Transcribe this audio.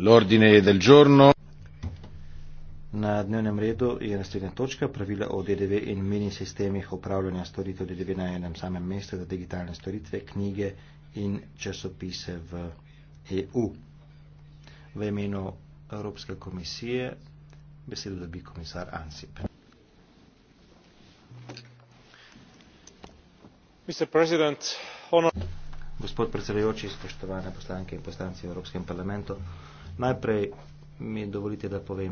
L'ordine del giorno. Na dnevnem redu je naslednja točka pravila o DDV in mini sistemih upravljanja storitev DDV na enem samem mestu za digitalne storitve, knjige in časopise v EU. V imenu Evropske komisije besedo dobi komisar Ansip. Gospod predsedujoči, spoštovane poslanke in poslanci v Evropskem parlamentu, Najprej mi dovolite, da povem